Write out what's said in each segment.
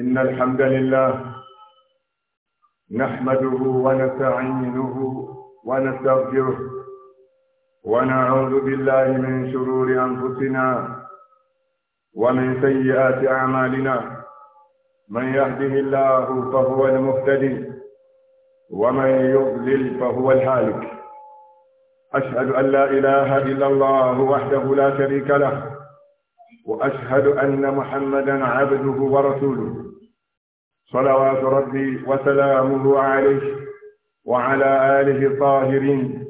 إن الحمد لله نحمده ونستعينه ونستغفره ونعوذ بالله من شرور أنفسنا ومن سيئات أعمالنا من يهده الله فهو المهتدي ومن يضلل فهو الهالك أشهد أن لا إله إلا الله وحده لا شريك له وأشهد أن محمدا عبده ورسوله صلوات ربي وسلامه عليه وعلى آله الطاهرين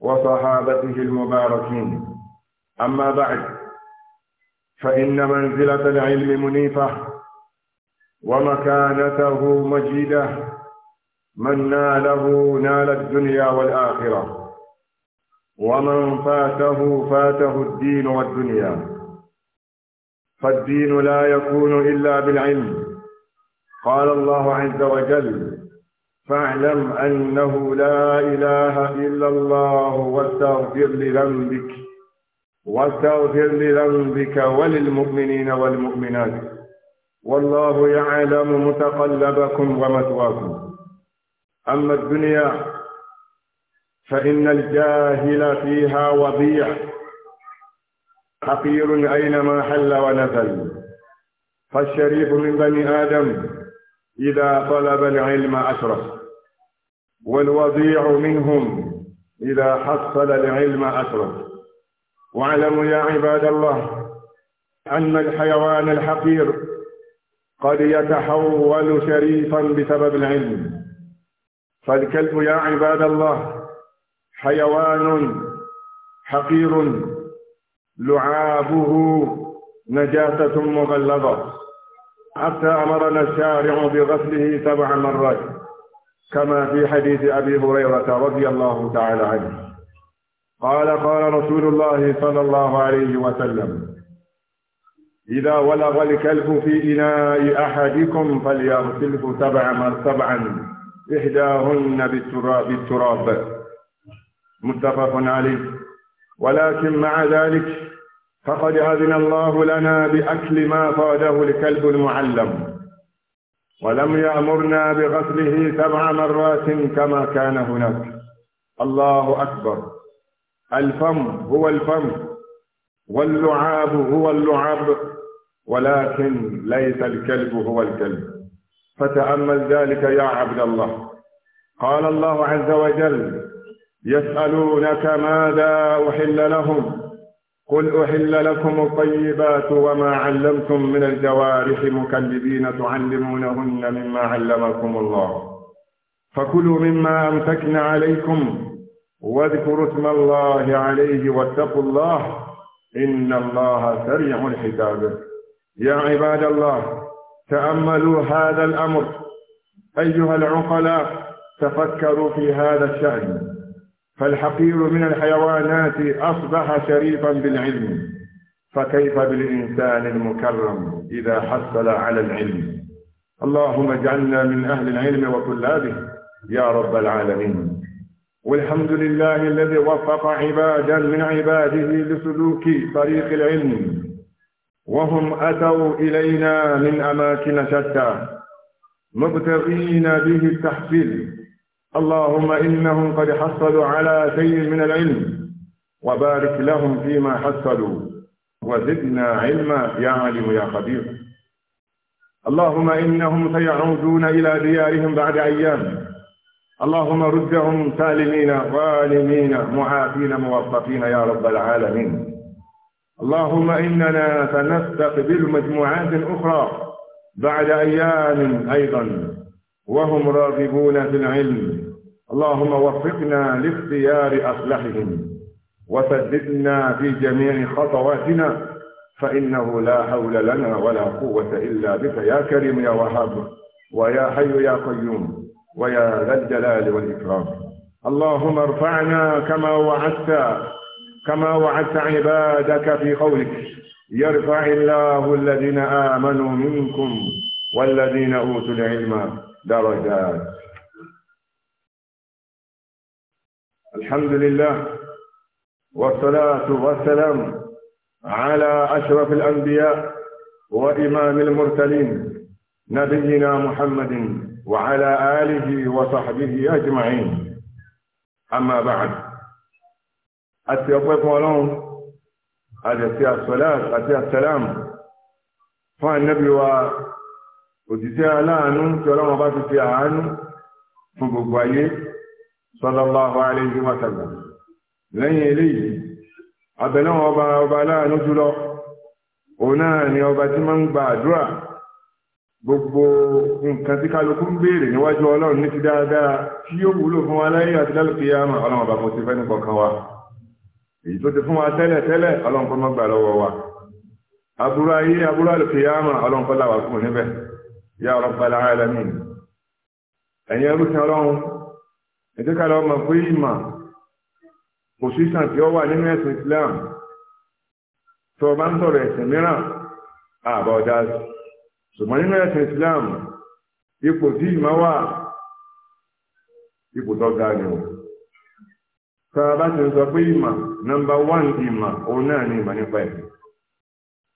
وصحابته المباركين أما بعد فإن منزلة العلم منيفة ومكانته مجيدة من ناله نال الدنيا والآخرة ومن فاته فاته الدين والدنيا فالدين لا يكون إلا بالعلم قال الله عز وجل فاعلم أنه لا إله إلا الله واستغفر لذنبك واستغفر لذنبك وللمؤمنين والمؤمنات والله يعلم متقلبكم ومثواكم أما الدنيا فإن الجاهل فيها وضيع حقير أينما حل ونزل فالشريف من بني آدم إذا طلب العلم أشرف والوضيع منهم إذا حصل العلم أشرف واعلموا يا عباد الله أن الحيوان الحقير قد يتحول شريفا بسبب العلم فالكلب يا عباد الله حيوان حقير لعابه نجاسة مغلظة حتى أمرنا الشارع بغسله سبع مرات كما في حديث أبي هريرة رضي الله تعالى عنه قال قال رسول الله صلى الله عليه وسلم إذا ولغ الكلب في إناء أحدكم فليغسله سبع مرات سبعا إحداهن بالتراب, بالتراب متفق عليه ولكن مع ذلك فقد أذن الله لنا بأكل ما فاده الكلب المعلم ولم يأمرنا بغسله سبع مرات كما كان هناك الله أكبر الفم هو الفم واللعاب هو اللعاب ولكن ليس الكلب هو الكلب فتأمل ذلك يا عبد الله قال الله عز وجل يسألونك ماذا أحل لهم قل أحل لكم الطيبات وما علمتم من الجوارح مكلبين تعلمونهن مما علمكم الله فكلوا مما أمسكن عليكم واذكروا اسم الله عليه واتقوا الله إن الله سريع الحساب يا عباد الله تأملوا هذا الأمر أيها العقلاء تفكروا في هذا الشأن فالحقير من الحيوانات أصبح شريفا بالعلم فكيف بالإنسان المكرم إذا حصل على العلم اللهم اجعلنا من أهل العلم وطلابه يا رب العالمين والحمد لله الذي وفق عبادا من عباده لسلوك طريق العلم وهم أتوا إلينا من أماكن شتى مبتغين به التحصيل اللهم إنهم قد حصلوا على شيء من العلم وبارك لهم فيما حصلوا وزدنا علما يا عليم يا خبير اللهم إنهم سيعودون إلى ديارهم بعد أيام اللهم ردهم سالمين غالمين معافين موفقين يا رب العالمين اللهم إننا سنستقبل مجموعات أخرى بعد أيام أيضا وهم راغبون في العلم اللهم وفقنا لاختيار أصلحهم وسددنا في جميع خطواتنا فإنه لا حول لنا ولا قوة إلا بك يا كريم يا وهاب ويا حي يا قيوم ويا ذا الجلال والإكرام اللهم ارفعنا كما وعدت كما وعدت عبادك في قولك يرفع الله الذين آمنوا منكم والذين أوتوا العلم درجات الحمد لله والصلاة والسلام على أشرف الأنبياء وإمام المرسلين نبينا محمد وعلى آله وصحبه أجمعين أما بعد أتيقظ ولون أتي الصلاة أتي السلام فالنبي و òtítẹ́ aláàánú tí ọlọ́run bá ti fi àánú fún gbogbo ayé صلى الله عليه وسلم. lẹ́yìn eléyìí abẹ̀lẹ́wọ̀n ọba ọba aláàánú jùlọ òun náà ni ọba tí máa ń gba àdúrà gbogbo nǹkan tí kálukú ń béèrè níwájú ọlọ́run ní ti dáadáa tí yóò wúlò fún wa láyé àti lálùkì yáàmà ọlọ́run ọba mo ti fẹ́ nìkan kan wa èyí tó ti fún wa tẹ́lẹ̀ tẹ́lẹ̀ ọlọ́run kọ́ má gbà lọ́wọ́ wa aburú ayé aburú àlùkì yáàmà ọlọ́run kọ́ làwà fún níbẹ̀ yá rabbal alamin ẹ̀yin ẹrú sin ọlọ́run ẹ̀jẹ̀ ká lọ́ọ́ mọ̀ pé nínú ẹ̀sìn Islam o bá ń sọ̀rọ̀ ẹ̀sìn mìíràn àbọ̀ ọ̀dà ṣùgbọ́n nínú ẹ̀sìn Islam ipò tí ìmọ̀ wà ipò tó ga ni o tá a bá ti sọ pé ìmọ̀ nọ́mbà wán ìmọ̀ òun náà ni ìmọ̀ nípa ẹ̀sìn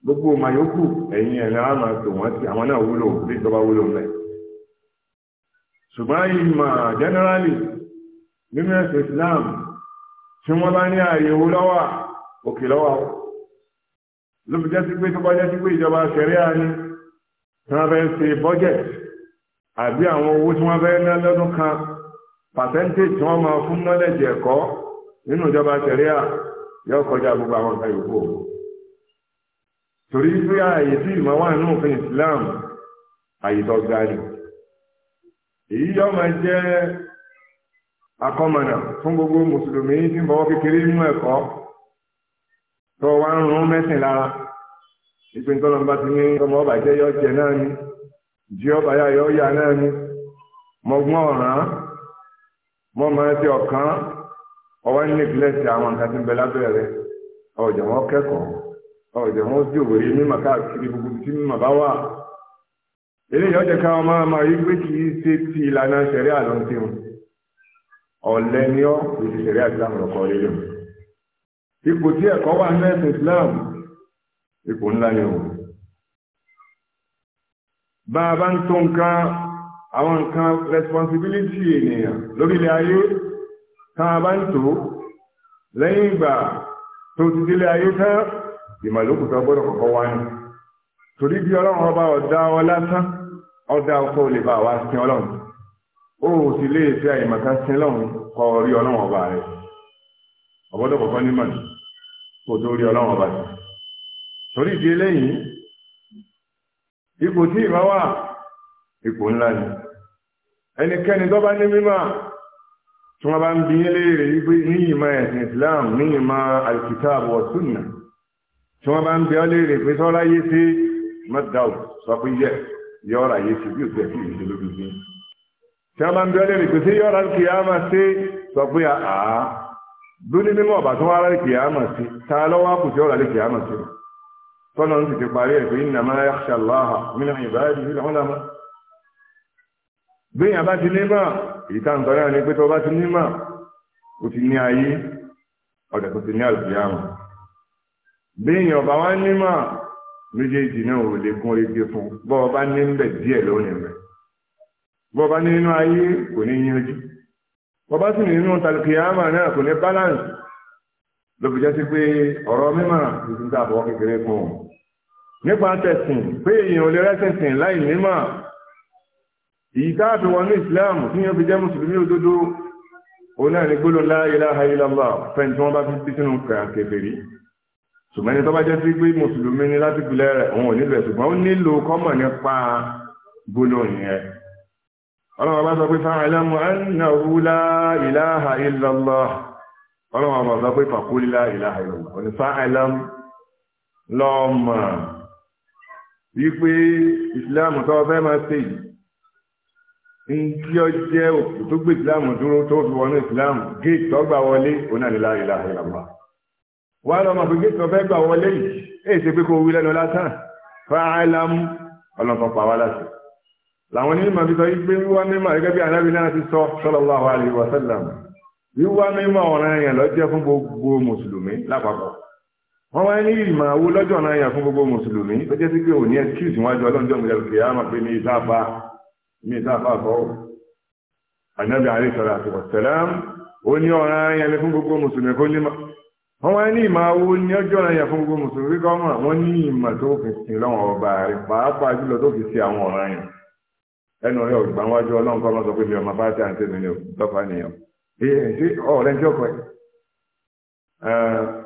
gbogbo ọmọ yòókù ẹ̀ náà máa tò wọ́n àwọn náà wúlò bí ìjọba wúlò mẹ́ ṣùgbọ́n ìmọ̀ nínú ẹ̀sìn Islam tí wọ́n bá ní àyèwò lọ́wà òkè lọ́wà ó ló fi jẹ́ sí pé tó bá jẹ́ sí pé ìjọba ṣẹ̀ríà ni tí wọ́n fẹ́ ṣe budget àbí àwọn owó tí wọ́n fẹ́ ná lọ́dún kan percentage tí wọ́n máa fún knowledge ẹ̀kọ́ nínú ìjọba ṣẹ̀ríà yóò kọjá gbogbo àwọn ọ̀gá yòókù torí pé ààyè tí ìmọ̀ wà nínú òfin Islam àyè tó ga ni èyí yóò máa jẹ́ akọ́mọ̀nà fún gbogbo mùsùlùmí tí ń bọ̀wọ́ kékeré nínú ẹ̀kọ́ tó wá ń rún mẹ́sìn lára ìpín tó lọ́nà bá ti ní ọmọ ọba jẹ́ yọ jẹ náà ni jí ọba yá yọ yá náà ni mọ̀gbọ́n ọ̀ràn mọ́ máa ti ọ̀kan ọwọ́ ní àwọn nǹkan ń bẹ ọ̀jọ̀ wọn kẹ́kọ̀ọ́ ọ̀jọ̀ wọn mímọ̀ káàkiri gbogbo tí mímọ̀ bá wà eléyìí ọjọ́ káwọn máa máa yí pé kì ọ̀lẹ́ ni ọ́ ìdí sẹ̀rí àtìlámù lọ́kọ́ lílo ipò tí ẹ̀kọ́ wà ní ẹ̀sìn Islam ipò ńlá ni o bá a bá ń tó nǹkan àwọn nǹkan responsibility ènìyàn lórílẹ̀ ayé tá a bá ń tó lẹ́yìn ìgbà tó ti délé ayé tán ìmọ̀lókù tó gbọ́dọ̀ kọ́kọ́ wá ní torí bí ọlọ́run ọba ọ̀dá ọ lásán ọ̀dá ọkọ̀ ò lè bá wa sin ọlọ́run ó sì lè fi àyèmọ̀ká sin lọ́hùn kọ rí ọlọ́wọ̀n ọba rẹ̀ ọ̀bọ́dọ̀ kọ̀ọ̀kan ní mọ̀nì kò tó rí ọlọ́wọ̀n ọba rẹ̀ torí ìdí eléyìí ipò tí ìbá wà ipò ńlá ni ẹnikẹ́ni tó bá ní mímọ̀ tí wọ́n bá ń bi léèrè wípé ní ìmọ̀ ẹ̀sìn Islam ní ìmọ̀ al-Kitab wa Sunnah tí wọ́n bá ń bi ọ́ léèrè pé sọ́ra yé sí mọ́tàù sọ pé yẹ yọ ọ̀rọ̀ tí wọ́n bá ń bí ọlẹ́rìí pé sí yọ́ra kìyàmà sí sọ pé àá dúní mímọ́ ọ̀bà tó wá rárá kìyàmà sí ta lọ́wọ́ kù tí ọ̀rà lè kìyàmà sí tọ́nà ń sì ti parí ẹ̀ pé innama yakhsha Allaha min ibadihi al ti ní mọ̀ èyí tá à ni pé tó ti ní mọ̀ ó ti ní ayé ọ̀dẹ̀ tó ti ní àlùkìyàmà bí èèyàn bá wá ní mọ̀ méjèèjì náà ò lè kún orí gbé fún bọ́ọ̀ bá ní ń bẹ̀ díẹ̀ lónìí bọ́ba ní nínú ayé kò ní yanjú bọ́ba sì ní nínú tàlùkìyàmà náà kò ní balance ló fi jẹ́ sí pé ọ̀rọ̀ mímọ̀ tuntun tá a bọ̀ kékeré kún un nípa tẹ̀sìn pé èèyàn ò lè rẹ́sẹ̀sìn láì mímọ̀ èyí tá a fi wọnú Islam tí yẹn fi jẹ́ mùsùlùmí òdodo òun náà ní gbólóhùn la ilaha illallah tí wọ́n bá fi sí sínú kẹfẹ́rí ṣùgbọ́n ẹni tó bá jẹ́ sí pé mùsùlùmí ni láti gbilẹ̀ rẹ̀ òun ò nílò ẹ̀ ṣùgbọ́n ó nílò kọ́mọ̀ nípa gbólóhùn yẹn ọlọ́wọ́ bá sọ pé fa'alamu annahu la ilaha illallah ọlọ́wọ́ bá sọ pé faqul la ilaha illallah ọ̀nà fa'alamu lọ́ọ̀mà wípé ìsìláàmù tó fẹ́ máa ṣe yìí ń kí ọ jẹ́ òkú tó gbé ìsìláàmù dúró tó fi wọnú ìsìláàmù géètì tó gbà wọlé ọ̀nà la ilaha illallah wà lọ́mọ pé géètì làwọn onímọ̀ fi sọ wípé wíwá mímọ̀ gẹ́gẹ́ bí anábì náà ti sọ sallallahu alaihi wa sallam wíwá mímọ̀ ọ̀ràn èèyàn lọ́jẹ́ fún gbogbo mùsùlùmí lápapọ̀ wọ́n wáyé ní ìmọ̀ àwo lọ́jọ́ ọ̀ràn èèyàn fún gbogbo mùsùlùmí tó jẹ́ sí pé òní excuse wájú ọlọ́njọ́ mi lẹ́rù kìí àmọ̀ pé mi ìsáfà mi ìsáfà kọ́ ọ́ anábì alaihi salatu wassalam ó ní ọ̀ràn èèyàn lè fún gbogbo ẹnu rẹ ògbà wájú ọlọ́run kọ́ máa sọ pé mi ọmọ bá tẹ àǹtẹ̀ mi ni tọ́fà nìyàn ṣé ọ̀rẹ́ tí ọkọ̀ ẹ̀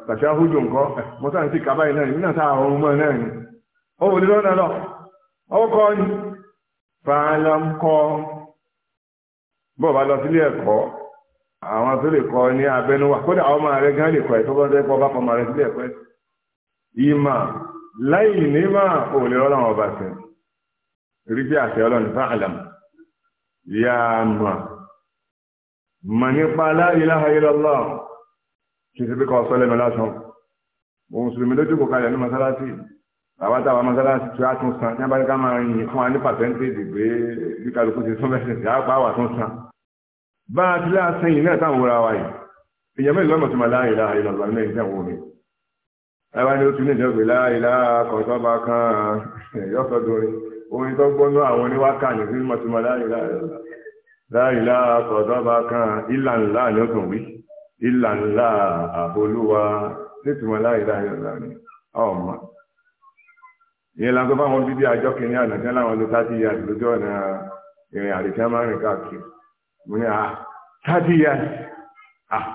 tàṣà hújò nǹkan mo sáà ń ti kábàáyé náà nínú àtà àwọn ọmọ náà ni ó wò ní lọ́nà lọ ọkọ̀ ni fàálà ń kọ́ bọ́ọ̀ bá lọ sílé ẹ̀kọ́ àwọn tó lè kọ́ ní abẹnuwa kódà àwọn ọmọ rẹ gan lè kọ́ ẹ̀ tó bá ń tẹ́kọ́ bá fọmọ rẹ sílé ẹ̀kọ́ ìmà láì ní mà òwòlè ọlọ́run ọba sẹ́yìn rí sí àṣẹ ọlọ́run fún àlàm yá mà mà nípa la ilaha illallah kí n ṣe bí kọ́ sọ lẹ́nu lásán òun mùsùlùmí lójú kò kalẹ̀ ní mọ́sálásí àwọn táwọn mọ́sálásí tí a tún san ní abáríkà máa ń yin fún wa ní pàṣẹ́ntéèjì pé bí kálukú ti sún mẹ́sìn sí àpá wà tún san bá a ti láàṣẹ yìí náà táwọn wúra wa yìí èèyàn mẹ́rin lọ́mọ̀ tó máa la ilaha ní ẹ̀yìn tẹ̀wọ̀n mi ẹwà ni tún ní ìjọba la ilaha kọ̀ọ̀tọ́ bá kan yọ́sọ̀dúnrin orin tó gbọ́nú àwọn oníwákà ní sí mọ̀túnmọ̀ láìlá àkọ̀dọ́bà kan ìlà ńlá ni ó tún wí ìlà ńlá àbolúwa nítumọ̀ láìlá ìlà ni ọmọ ìyẹn la ń sọ fáwọn bíbí àjọ kìnìún àná tí wọn láwọn ló tàbí ìyá lójú ọ̀nà ìrìn àdìsẹ́ máa ń rìn káàkiri mo ní à tàbí ìyá ah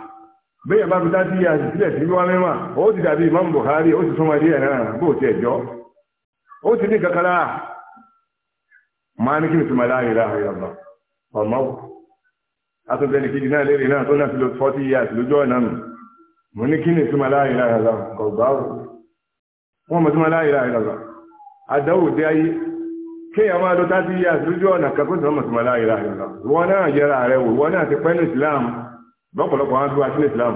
bẹ́ẹ̀ bá fi tàbí ìyá sílẹ̀ sí wá mẹ́wàá ó ti dàbí Imam Buhari ó ti súnmọ́ díẹ̀ náà bó ti ẹ̀jọ́ ó ti ní kankan máa ní kí ni tuma láàrin láàrin ọ̀nà ọ̀nà àtúntẹ̀ ní kejì náà lérí náà tó náà fi lo forty years lójú ọ̀nà nù mo ní kí ni tuma láàrin láàrin ọ̀nà ọ̀gbà ò wọ́n mọ̀ tuma láàrin láàrin ọ̀nà àdáwò dé ayé kéèyàn máa lọ thirty years lójú ọ̀nà kakó tí wọ́n mọ̀ tuma láàrin láàrin ọ̀nà wọn náà yẹra rẹ wò wọn náà ti pẹ́ ní Islam lọ́pọ̀lọpọ̀ wọn á dúró àtúnlẹ̀ Islam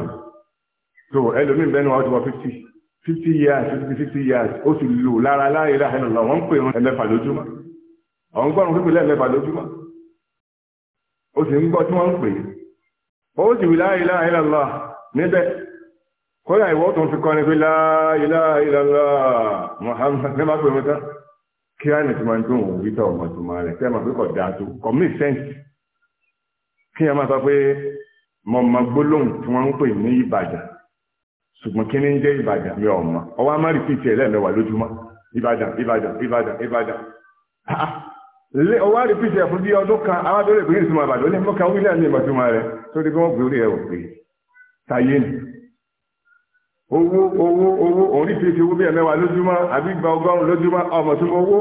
so ẹlòmíín bẹ́ẹ̀ ni wọ́n ti wọ fifty fifty years fifty years ó sì lò lára láàrin láàrin ọ̀nà wọ́n ń pè wọn ẹ̀mẹ́fà lójúmọ́ ọ̀n gbọ́rùn pípẹ́ lẹ́ẹ̀mẹ́fà lójúmọ́ ó sì ń gbọ́ tí wọ́n ń pè é ó sì wí la ilaha illallah níbẹ̀ kọ́lá ìwọ́ tó ń fi kọ́ni pé la ilaha illallah Muhammad ní máa pè mí tán kí á nìtí máa ń dùn òun wíta ọmọ tó máa rẹ̀ tẹ́ máa pé kọ̀ dáa tó commit sense kí á máa sọ pé mo mọ gbólóhùn tí wọ́n ń pè ní Ìbàdàn ṣùgbọ́n kí ni ń jẹ́ Ìbàdàn mi ọ̀ma ọwọ́ á má rìpíìtì ẹ̀ lẹ́ẹ̀mẹ́wàá lójúmọ́ Ìbàdàn Ìbàdàn Ìbàdàn Ìbàdàn ah, ah lé ọwọ́ àrípìtì ẹ̀fún bí ọdún kan àwọn abẹ́rẹ́ ìpínlẹ̀ ìsinmi àbàdàn ní mọ́ka wílẹ̀ ní ìmọ̀túnmọ̀ rẹ̀ tó dé bí wọ́n gbé orí ẹ̀ òpè tayé ni owó owó owó òun nífi ti owó bí ẹ̀mẹ́wàá lójúmọ́ àbí gba ọgọ́rùn-ún lójúmọ́ ọmọ tó mọ owó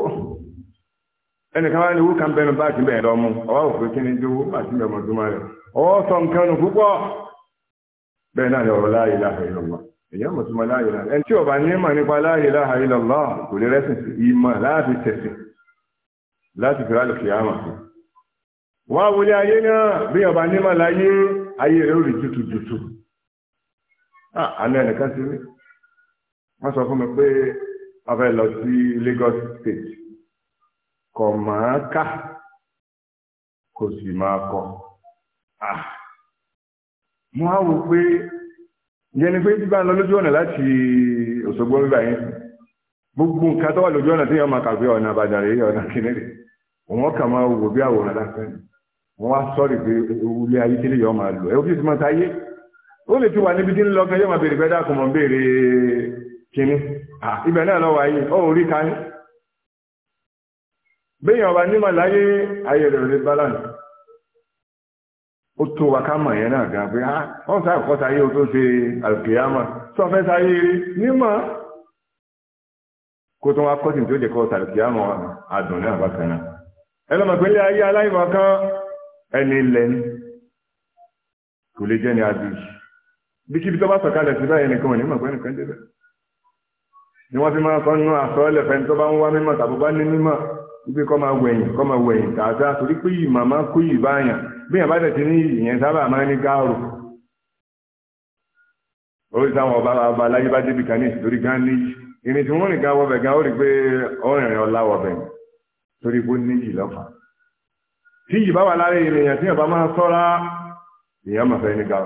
ẹnìkan wá ní owó kan bẹnu bá ti bẹ̀rẹ̀ lọ́mú ọwọ́ òfin kí ni dé owó bá ti bẹ̀rẹ̀ mọ̀túnmọ̀ rẹ̀ ọwọ́ sọ nǹkan nù púpọ̀ bẹ́ẹ̀ náà ni ọ̀rọ̀ la ilaha illallah èyí mọ̀túnmọ̀ la ilaha illallah ẹni tí ọba ní ìmọ̀ nípa la ilaha illallah kò lè rẹ́sìn ìmọ̀ láti tẹ̀sìn láti fi rálẹ̀ kìyàmà fún wá wọlé ayé náà bí ọba ma láyé ayé rẹ̀ ó rí tútù tútù ẹnìkan ti rí wọ́n sọ fún mi pé ọba lọ sí Lagos State kò máa ká kò sì máa kọ mo á wò pé ìyẹn ni pé ń lọ lójú ọ̀nà láti Òṣogbo gbogbo nǹkan tó wà lójú ọ̀nà tí yẹn máa ọ̀nà àbàdàn rèé ọ̀nà wọn kà máa wò bí àwòrán lásán wọn wá sọ́ọ̀rì pé owó ilé ayé tẹ́lẹ̀ yọ máa lò ẹ ó fi ti máa táyé ó lè ti wà níbi tí ń lọ gan yóò máa béèrè bẹ́ẹ̀ dákun mọ̀ béèrè kínní ibẹ̀ náà lọ́wọ́ ayé ó rí ká béèyàn ọba nímọ̀ láyé ayé rẹ̀ lè balance ó tó wa ká mọ̀ yẹn náà gan pé á ah, wọ́n sá àkọ́kọ́ sáyé o tó ṣe àlùkìyámà sọ́fẹ́ sáyé rí nímọ̀ kó tó wá kọ́sìn tó jẹ́ kọ́ àlùkìyámà àdùn náà bákan náà ẹlọ́mọ̀ pẹ̀lú ayé aláìmọ̀ kan ẹni ilẹ̀ ni kò lè jẹ́ ni adu bí kíbi tó bá sọ̀kalẹ̀ sí báyìí nìkan ní màgbẹ́ nìkan débẹ̀ ni wọ́n fi máa sọ nínú àsọ́ọ́lẹ̀ fẹ́ni tó bá ń wá mímọ̀ tàbí bá ní mímọ̀ wípé kọ́ máa wẹ̀yìn kọ́ máa wẹ̀yìn tààtà torí pé yìí màmá kú yìí báyàn bí yàn bá tẹ̀ sí ní ìyẹn sábà máa ní gáàrò orí táwọn ọba ọba aláyé bá débi kan ní ìsìtórí gan ní irin tí wọ́n rìn gan wọ́bẹ̀ gan ó rí pé ó rìnrìn ọlá wọ̀bẹ̀ yìí torí bó níyì lọ́fà tí yìí bá wà lára ènìyàn tí ọba máa sọ́ra èèyàn máa fẹ́ ní ga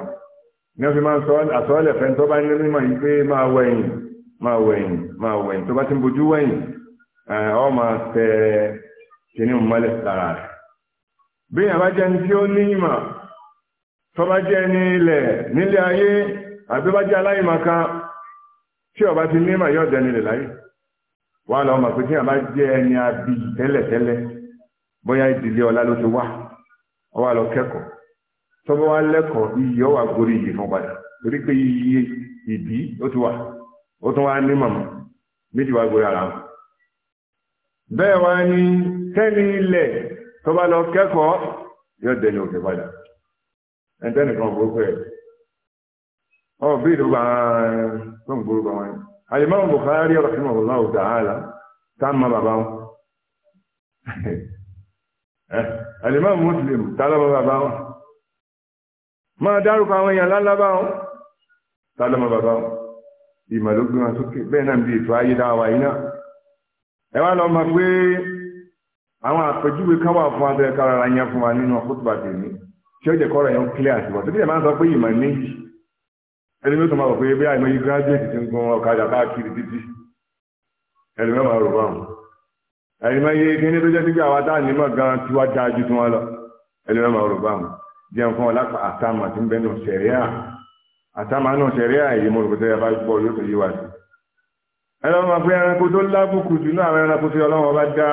ní wọ́n fi máa sọ àsọ́ọ́lẹ̀ fẹ́ tó bá ní mímọ̀ yìí pé máa wẹ̀yìn máa wẹ̀yìn máa wẹ̀yìn tó bá ti ń bojú wẹ̀yìn ọ máa tẹ kíní mọ́lẹ̀ lára rẹ̀ bí èèyàn jẹ́ ẹni tí ó ní ìmọ̀ tó bá jẹ́ ẹni ilẹ̀ nílé ayé àbí bá jẹ́ aláìmọ̀ kan tí ọba ti ní ìmọ̀ yóò dẹni lè láyé wọ́n lọ mọ̀ pé kí àbá jẹ́ ẹni àbí tẹ́lẹ̀tẹ́lẹ̀ bóyá ìdílé ọlá ló ti wá ọ wá lọ kẹ́kọ̀ọ́ tọ́bọ̀ wá lẹ́kọ̀ọ́ iyì ọ wà gorí iyì fún padà torí pé iyì ìdí ó ti wà ó tún wá ní màmá méjì wá gorí ara wọn. bẹ́ẹ̀ wá ní tẹ́ni ilẹ̀ tó lọ kẹ́kọ̀ọ́ yóò dẹni òkè padà ẹ̀ńtẹ́nìkan gbogbo ẹ̀ ọ bí ìdúgbà tó ń gbogbo àwọn ẹ̀ alimami Bukhari rahimahullahu ta'ala tá ma bàbá wọn eh, alimami Muslim tá lọ́mọ bàbá wọn máa dárúkọ àwọn èèyàn lálábá wọn tá lọ́mọ bàbá wọn ìmọ̀ ló gbé wọn sókè bẹ́ẹ̀ náà bí ètò ayé dáwà yìí náà ẹ wá lọ mọ̀ pé àwọn àpèjúwe kan wà fún abẹ́rẹ́ kára yẹn fún wa nínú ọkùnrin tèmi tí ó jẹ́ kọ́ra yẹn clear àti bọ̀ tó bí ẹ̀ máa ń sọ pé ìmọ̀ méjì ẹni bí ó tún máa wọ̀ pé bí àìmọ́ yí gírájúẹ̀tì ti ń gun ọ̀kadà káàkiri títí ẹni mẹ́wàá rò báwọn ẹni mẹ́wàá yé kíní tó jẹ́ sí pé àwa tá à ní mọ̀ gan tí wá já ju tí wọ́n lọ ẹni mẹ́wàá rò báwọn jẹun fún ọlápá àtàmà tí ń bẹ nù sẹ̀ríà àtàmà nù sẹ̀ríà èyí mo rò pé tẹ́lẹ̀ bá gbọ́ yóò tó yí wa sí. ẹni wọn pe ẹranko tó lábùkù jù náà àwọn ẹranko tí ọlọ́wọ́n bá dá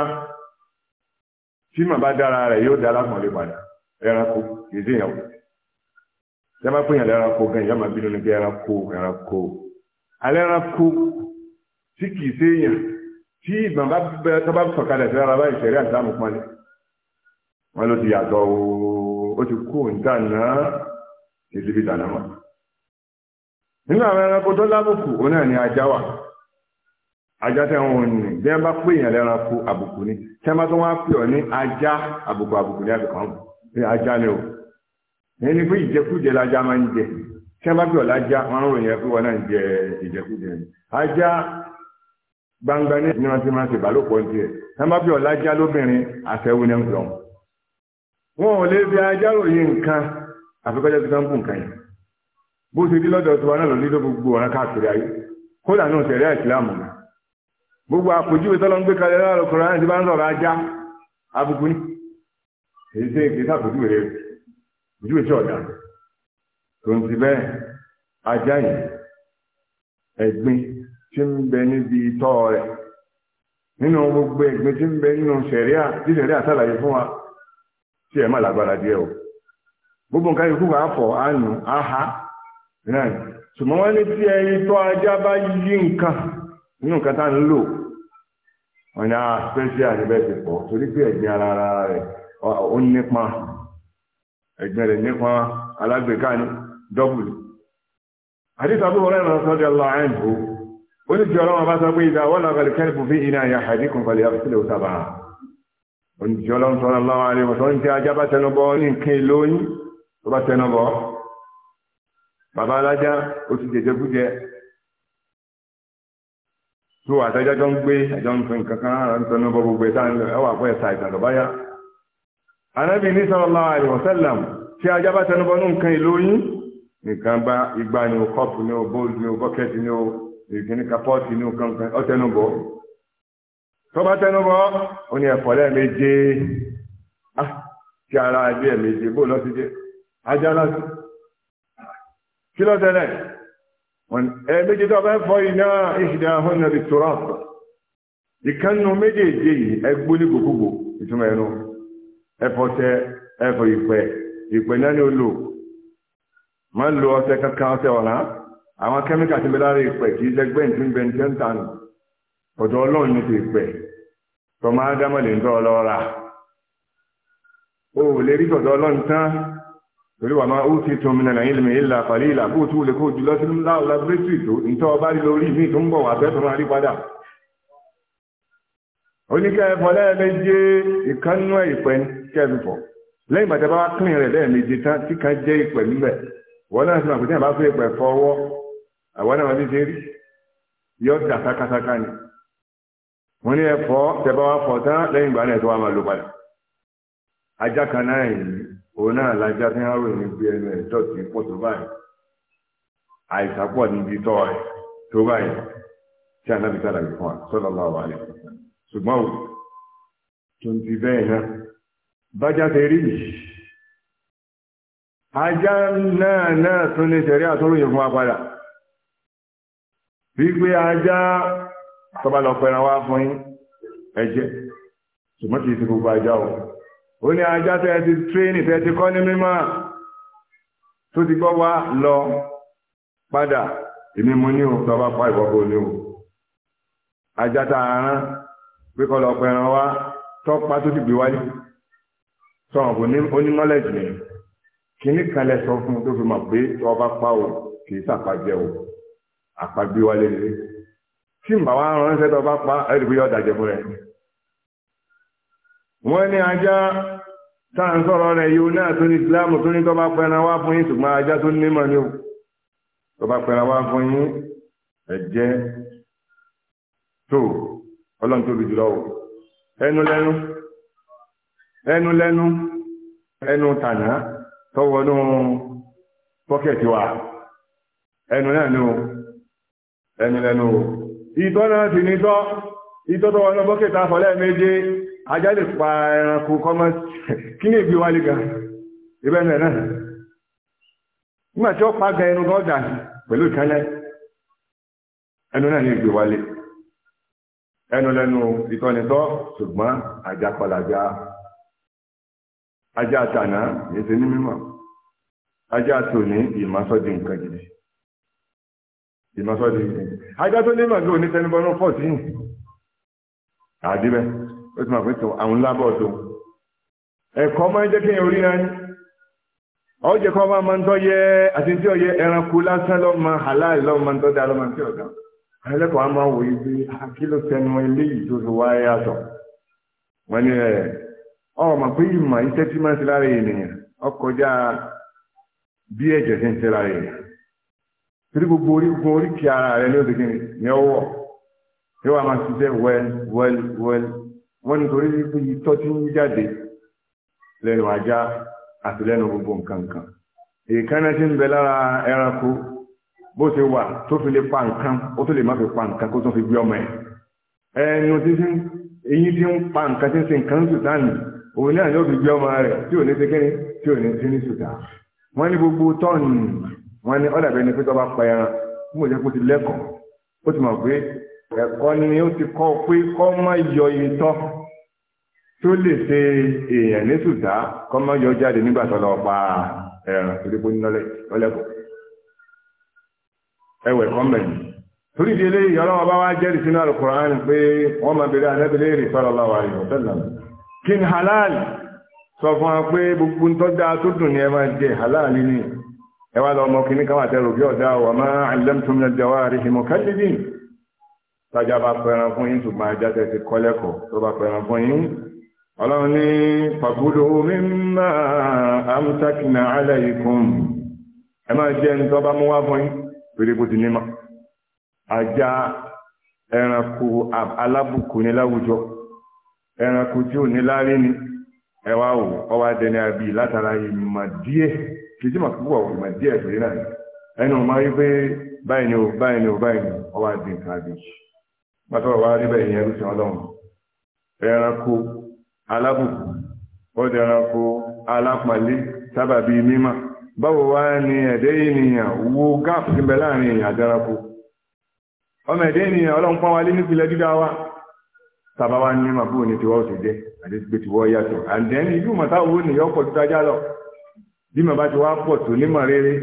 tí màá bá dára rẹ̀ yóò dá lápọ̀nlé padà ẹranko kì í tẹ́ bá pèyàn lẹ́ranko gan ìyá máa bínú ni pé ẹranko ẹranko alẹ́ ẹranko tí kìí séèyàn tí ìgbọ̀n bá bẹ tó bá sọ̀kalẹ̀ sí ara báyìí ṣẹ̀rí àtàmù pọ́nlé wọn ló ti yàtọ̀ ooo ó ti kú ìdáná ìdíbi ìdáná mọ́ nínú àwọn ẹranko tó lábùkù òun náà ni ajá wà ajá tẹ́ wọn ò bí wọ́n bá pè yàn lẹ́ranko àbùkù ni tẹ́ bá tó wọ́n pè ọ́ ní ajá àbùkù àbùkù ní àbùkù ọ̀hún ajá ni o ẹni pé ìjẹkújẹ lajá máa ń jẹ tí wọn bá bí ọlájá wọn ń ròyìn ẹkú wọn náà ń jẹ ìjẹkújẹ ajá gbangba ní ìdíwọ́n tí máa ń ṣèbálòpọ̀ ní tiẹ̀ tí wọn bá bí ọlájá lóbìnrin àfẹ́wù ní ọ̀dọ́ wọn ò lè fi ajá ròyìn nǹkan àfikọ́jọ́ tí wọ́n bù nǹkan yìí bó ṣe dí lọ́dọ̀ tí wọn náà lọ nílò gbogbo ọ̀ràn káàkiri ayé kódà náà ṣẹ̀rí àìsílámù ni gbogbo àpòjúwe tọ́lọ́ ń gbé kalẹ̀ láàrọ̀ kọ́ra náà ti bá ń sọ̀rọ̀ ajá abùkù ní èyí ṣe èké sàpòjúwe rẹ̀ ojú ìṣe ọ̀dà tó ń ti bẹ́ẹ̀ ajá yìí ẹ̀gbin tí ń bẹ níbi rẹ̀ gbogbo ẹ̀gbin tí ń bẹ nínú sẹ̀ríà tí sẹ̀ríà sàlàyé fún wa tí ẹ̀ má lágbára díẹ̀ o gbogbo nǹkan ikuku wà fọ̀ á nù náà ṣùgbọ́n wọ́n ní tí ẹyin tó ajá bá yí nǹkan nínú nǹkan tá a ah, special ni bẹ́ẹ̀ ti pọ̀ torí pé ẹ̀gbin ara rẹ̀ ó ẹ̀gbẹ́ rẹ̀ nípa alágbèéká ní dọ́bùlù àdíta bí wọ́n rán sọ́dọ̀ aláàrínbó ó ní jẹ́ ọlọ́run bá sọ pé ìdá wọ́n lọ́gbẹ̀rẹ̀ kẹ́lìpù fi iná ya àdíkùn pẹ̀lú àfisílẹ̀ òsàbà ó ní jẹ́ ọlọ́run sọ́dọ̀ aláàrínbó tó ń jẹ́ ajá bá tẹnubọ ní nǹkan ìlóyún tó bá tẹnubọ bàbá alájá ó ti jẹjẹ kújẹ tó àtẹjọ́ ń gbé àjọ ń fi nǹkan kan rán tẹnubọ gbogbo ẹ̀ anábì ní sallallahu alaihi wasallam tí ajá bá tẹnubọnú nǹkan ìlú yín nìkan bá igba ni o kọ́ọ̀pù ni o bóòlù ni o bọ́kẹ́tì ni o ìgbìní kapọ́ọ̀tì ni o kankan ọ tẹnubọ̀ tó bá tẹnubọ̀ ó ní ẹ̀fọ́ lẹ́ẹ̀méje tí ah, ara ẹbí ẹ̀méje bóòlù ọtí jẹ ajá láti kí ló tẹ́lẹ̀ ẹ̀ẹ́dẹ́gbẹ́ tó bá ń fọ iná ìṣìdá ọ̀nà ìtura ìkànnù ẹfọṣẹ ẹfọ ìpẹ ìpẹ náà ni ó lò máa ń lo ọṣẹ kankan ọṣẹ ọ̀rá àwọn kẹ́míkà ti bẹ lára ìpẹ kì í ní tẹ́ńtà ti ìpẹ ádámọ̀ lè ń tọ́ ọlọ́ra o ò lè rí tọ̀dọ̀ ọlọ́run tán torí wàá máa ó ti tún lèmi ìlà ìlà o tún lè kó lọ sí tó ń tọ́ rí lórí mi tó ń bọ̀ kẹ́ẹ̀fì fọ̀ lẹ́yìn ìgbà tí a bá wá clean rẹ̀ lẹ́ẹ̀mejì tán tí kan jẹ́ ìpẹ́ níbẹ̀ wọ́n náà sì máa pè tí a bá fẹ́ ìpẹ́ fọ ọwọ́ àwọn náà ṣe rí yọ ni ní ẹ̀fọ́ bá wá fọ̀ tán lẹ́yìn ìgbà náà tó wá máa lò padà ajá kan náà yìí òun náà lajá ẹnu ẹ̀ dọ̀tí pọ̀ tó báyìí níbi tọ́ bájá tẹ rí yìí ajá náà náà tún lè tẹ̀rí àtúròyìn fún wa padà wípé ajá tọba lọ pẹ̀ràn wá fún yín ẹ̀jẹ̀ ṣùgbọ́n kìí ti gbogbo ajá o ó ní ajá tẹ́ ti tírénì tẹ́ ti kọ́ ní mímọ́ tó ti gbọ́ wá lọ padà èmi mo ní o tọba pa ìwọ́pọ̀ ní o ajá tá a rán pé kọ́ lọ wá tọ́pa tó ti gbé wáyé tó àwọn onímọ̀lẹ́jì ni kínní kan lẹ sọ fún un tó fi mọ̀ pé tó ọba pa o kì í sàpàjẹ o àpagbé wa lè lé tí mbà wa ránṣẹ́ tó ọba pa ẹ̀rù bí yọ dàjẹ́ fún rẹ̀ wọ́n ní ajá tá à ń sọ̀rọ̀ rẹ̀ yìí náà tó ní ìsìláàmù tó ní tó bá pẹran wá fún yín ṣùgbọ́n ajá tó ní mọ̀ ní o tó bá pẹran wá fún yín ẹ̀jẹ̀ tó ọlọ́run tóbi jùlọ o ẹnu lẹ́nu ẹnu lẹ́nu ẹnu tànà tọwọ́nú pọ́kẹ̀tì wa ẹnu lẹ́nu ẹnu lẹ́nu ìtọ́ náà sì ní tọ́ ìtọ́ tọwọ́nú pọ́kẹ̀tì afọ́lẹ́ méje ajá lè pa ẹranko kọ́mọ́ kí ní ìgbé wálé gan ìbẹ́ẹ̀ náà nígbà tí ó pa gan ẹnu gọ́ọ̀dà pẹ̀lú ìkẹ́lẹ́ ẹnu náà ní ìgbé wálé ẹnu lẹ́nu ìtọ́nitọ́ ṣùgbọ́n àjàpàlàjà ajá àtànà ètò ní mímọ̀ ajá àtòní ìmásọ́dì nǹkan gidi ìmásọ́dì nǹkan ajá tó ní màgbé onítẹnubọ́nú fourteen àdíbẹ̀ ó ti máa pín tó àwọn lábọ̀ tó ẹ̀kọ́ máa ń jẹ́ kí n rí náà ọjọ́ kan máa máa ń tọ́ yẹ àti tí ọ yẹ ẹranko lásán lọ́ máa halal lọ́ máa ń tọ́ da lọ́ máa ń tí ọ̀gá ẹlẹ́kọ̀ọ́ á máa wòye pé akílò ah, tẹnu eléyìí tó fi wáyé àtọ̀ wọ́n ní ẹ̀ eh, ọmọ pé ìmọ̀ iṣẹ́ tí máa ń ṣe lára ènìyàn ọkọjá bí ẹ̀jẹ̀ ṣe ń ṣe lára ènìyàn torí gbogbo orígun oríkì ara rẹ ní òdìgí ni ó wọ̀ yóò wá máa ṣiṣẹ́ wẹ́l wẹ́l wẹ́l wọ́n nítorí wípé itọ́ tí ń jáde lẹ́nu ajá àti lẹ́nu gbogbo nǹkan kan èèkánná tí ń bẹ lára ẹranko bó ṣe wà tó fi lè pa nǹkan ó tó lè má fi pa nǹkan kó tó fi gbé ọmọ ẹ ẹnu tí ń eyín tí ń pa nǹkan tí ń ṣe nǹkan sùn dání òun náà yóò fi gbé ọmọ rẹ̀ tí ò ní ṣe kíni tí ò ní ṣe ní ṣùtà wọ́n ní gbogbo tọ́ọ̀nù wọ́n ní ọ̀dàbẹ̀ ni pé tọ́ bá pa ẹran fún òjẹ́ kó ti lẹ́kọ̀ọ́ ó ti mọ̀ pé ẹ̀kọ́ ni ó ti kọ́ pé kọ́ má yọ itọ́ tó lè ṣe èèyàn ní ṣùtà kọ́ má yọ jáde nígbà tó lọ pa ẹran torí pé nílẹ̀ ọlẹ́kọ̀ọ́ ẹwẹ̀ kọ́mẹ̀yìn torí ìdílé ìyọ́lọ́wọ́ bá wá jẹ́rìí sínú àlùkùránì kí ni halal sọ fún wa pé gbogbo tó dáa tó dùn ní ẹ máa jẹ halal ni ẹ wá lọ ọmọ kìíní kan wà tẹ́lẹ̀ òbí ọ̀dá wa ma allamtum min al-jawarihi mukallibin tájá bá pẹran fún yín ṣùgbọ́n ajá tẹ́ ti kọ́ tó bá pẹran fún yín ọlọ́run ní fàkúlù mimma amtakna alaykum ẹ máa jẹ́ ẹni tó bá mú wá fún yín pèrè ti ní mọ́ ajá ẹranko alábùkù ní láwùjọ ẹranko tí ò ní lárí ni ẹwà ò ọwá dẹni àbí látara ìmọ̀ díẹ̀ kì í sí ìmọ̀ díẹ̀ náà ẹnu máa rí pé báyìí ni ò báyìí ni ò báyìí ni ọwá di nǹkan àbíjì pátá rí bẹ́ẹ̀ yẹn lùsìn ọlọ́run ẹranko alábùkù ọdẹ ẹranko ni ẹ̀dẹ́ ènìyàn wo gáàpù tàbá wá ní màbú ní tiwọ́ sì jẹ́ àti gbé tiwọ́ yàtọ̀ àǹdẹ́ ní ibi mọ̀tá owó ní yọ́pọ̀ tó dájá lọ bí màá bá ti wá pọ̀ ni. nímọ̀ rere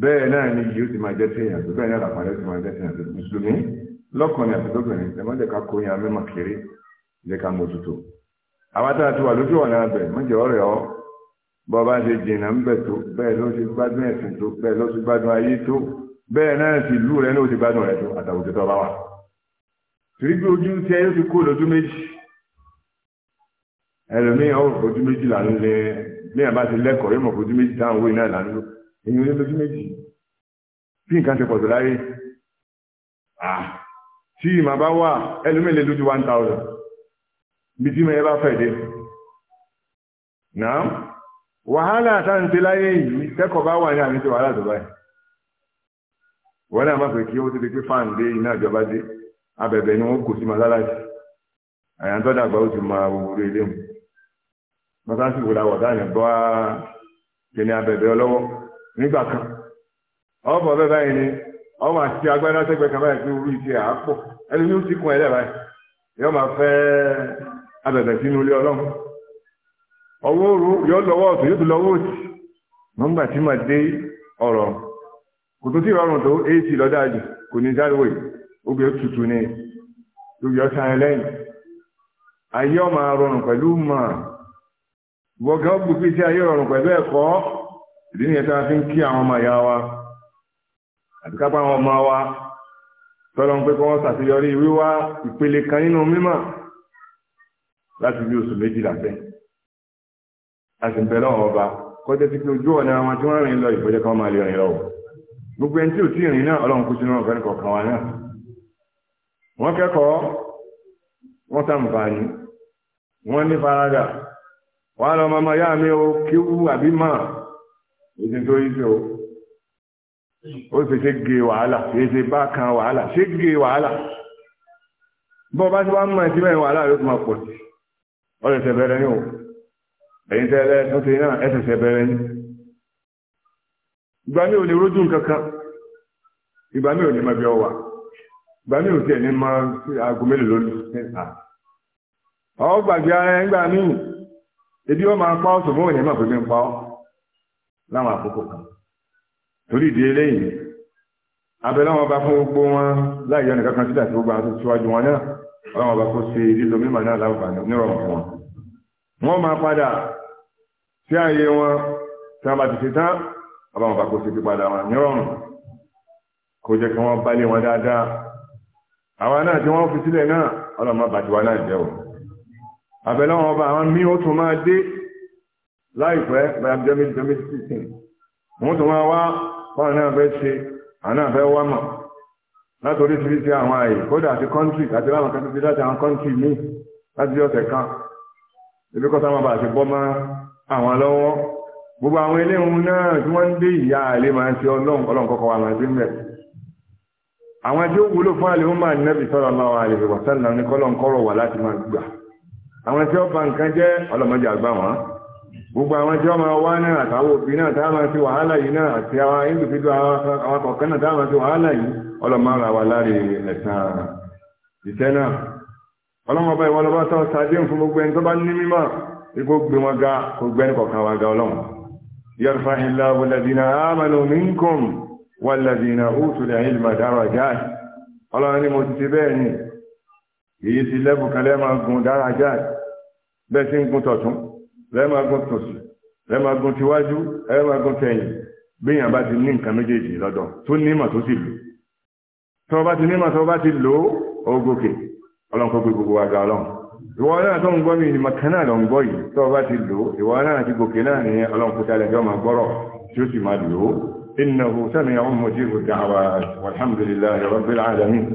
bẹ́ẹ̀ náà ni yìí ó ti máa jẹ́ téèyàn tó bẹ́ẹ̀ náà làpàdé ti máa jẹ́ téèyàn tó mùsùlùmí lọ́kùnrin àti lóbìnrin ẹ má jẹ́ ká kó yan mẹ́mọ̀ kéré jẹ́ ká mójútó tu tá a ti wà lójú ọ̀nà abẹ má jẹ́ ọ̀rẹ́ ọ bọ́ bá ṣe jìnnà ń bẹ̀ tó bẹ́ẹ̀ ló ti gbádùn ẹ̀sìn tó bẹ́ẹ̀ ló ti gbádùn ayé tó bẹ́ẹ̀ náà sì lú rẹ ló ti gbádùn rẹ tó àtàwùjọ tó bá wà torí pé ojú tí ẹ yóò fi kó lójú méjì ẹlòmíì ọ̀rọ̀ ojú méjì là ń lẹ lẹ́yìn bá ti lẹ́kọ̀ọ́ yóò mọ̀ ojú méjì táwọn owó iná là ń lò èyí ó lé lójú méjì bí nǹkan ṣe pọ̀ tó láyé tí ìmọ̀ bá wà ẹlòmíì lè lójú one thousand bí tí mẹ́yẹ bá fẹ̀ dé náà wàhálà táǹtí láyé yìí kẹ́kọ̀ọ́ bá wà ní àmì tí wàhálà tó báyìí wọ́n náà má fẹ́ kí ó ti di pé fáǹdé iná ìjọba dé abẹ̀bẹ̀ ni wọ́n kò sí mọ́sálásí àyàntọ́ dàgbà ó ti máa wúro ilé mu mọ́sálásí wò láwọ̀ táyà bọ́ á tẹ̀lé abẹ̀bẹ̀ ọlọ́wọ́ nígbà kan ọ̀bọ̀ bẹ́ẹ̀ báyìí ni ọmọ àti agbára sẹ́gbẹ́ kan báyìí pé orí ti àápọ̀ ẹni ní ó ti kún ẹ̀ lẹ́ẹ̀ báyìí máa fẹ́ abẹ̀bẹ̀ sínú ilé ọlọ́run ọwọ́ òru lọ́wọ́ obì tutu ni obì ọ̀sán ẹlẹ́yìn ayé ọma arụ pẹ̀lú rọrùn pẹ̀lú ẹ̀kọ́ ìdí nìyẹn tí a fi ń kí àwọn ọmọ ìyá wa àti kápá àwọn wa tọ́lọ́ láti bí oṣù a sì ọba kọjá sí pé ojú ọ̀nà àwọn tí wọ́n rìn lọ kan máa lè rìn lọ́wọ́ gbogbo ẹni tí ò wọ́n kẹ́kọ̀ọ́ wọ́n sàǹfààní wọ́n ní faraga wọ́n lọ mọ́mọ́ yá mi o kíwú àbí mọ́ èsì tó yí sí o ó sì ṣe gé wàhálà èsì bá kan wàhálà ṣe gé wàhálà bọ́ bá ti wá mọ̀ sí mẹ́rin wàhálà ló máa pọ̀ sí ọ̀rẹ́sẹ̀ bẹ̀rẹ̀ ní o ẹ̀yìn tẹ́lẹ̀ tó ti náà ẹ̀sẹ̀sẹ̀ bẹ̀rẹ̀ ní ìgbà mi ò lè rójú nǹkan kan ìgbà mi ò lè mọ̀ bí ọ wà gbàmí òtí ẹni máa aago mélòó lónìí mẹ́ta ọ gbàgbé ara ẹ gbà míì ebi ọ máa pa ọ sọ mọ́wọ́n yẹn máa fẹ́mi pa ọ láwọn àkókò kan torí ìdí eléyìí abẹ́lẹ́ wọn bá fún gbogbo wọn láì yọ nìkan kan sílẹ̀ àti gbogbo àwọn síwájú wọn náà ọlọ́wọ́n bá kó ṣe lílo mímọ̀ náà láǹfààní onírọ̀rùn fún wọn. wọ́n máa padà sí ààyè wọn tí wọ́n bá ti ṣe tán ọlọ́wọ́n bá kó ṣe pípadà wọn nírọ̀rùn kó jẹ́ kí wọ́n bá lé wọn dáadáa àwọn náà tí wọ́n fi sílẹ̀ náà ọlọ́mọ bàtíwá náà jẹ́ o àbẹ̀lọ́wọ́n ọba àwọn mí ó tún máa dé láìpẹ́ bàbájọ́mí jọmí sísìn wọ́n tún máa wá fọ́nà náà fẹ́ ṣe àná fẹ́ wá mọ̀ látòrí ti fi àwọn àyè kódà àti kọ́ńtì àti láwọn kan ti láti àwọn kọ́ńtì míì láti bí ọ̀sẹ̀ kan ibi kọ́ta máa bà ti bọ́ mọ́ àwọn lọ́wọ́ gbogbo àwọn eléhùn náà tí wọ́n ń dé ìyá àlè máa ń ṣe ọlọ́run ọlọ́run kọ́kọ́ wa máa ń ṣe ń àwọn tí ó wúlò fún àlè ọmọ ànábì sallallahu alaihi wa sallam ní kọ́lọ̀ ń kọ́rọ̀ wà láti máa gbà àwọn tí ó bá nǹkan jẹ́ ọlọ́mọdé àgbà wọn gbogbo àwọn tí ó máa wá náà àtàwọn òbí náà tá a máa ti wàhálà yìí náà àti àwọn individu àwọn kọ̀ọ̀kan náà tá a máa ti wàhálà yìí ọlọ́mọdé wà láre ẹ̀sán ìtẹ́ wàlàdìnà òtùlẹ̀ ìlmà darajat ọlọ́run ni mo ti ti bẹ́ẹ̀ ni èyí ti lẹ́bù kan lẹ́ẹ̀máa gun darajat bẹ́ẹ̀ sí ń gun tọ̀tún lẹ́ẹ̀máa gun tòsì lẹ́ẹ̀máa gun tiwájú lẹ́ẹ̀máa gun tẹ̀yìn bíyàn bá ti ní nǹkan méjèèjì lọ́dọ̀ tó nímọ̀ tó sì lò tó bá ti nímọ̀ tó bá ti lò ó gòkè ọlọ́run kó gbé gbogbo wa ga ọlọ́run ìwọ náà tó ń gbọ́ mi ìmọ̀ kan náà lọ ń gbọ́ yìí tó bá ti lò ìwọ náà ti gòkè náà ní ọlọ́run kó tẹ́lẹ̀ jọ́ máa gbọ́rọ̀ tí ó sì máa lò ó إنه سميع مجيب الدعوات والحمد لله رب العالمين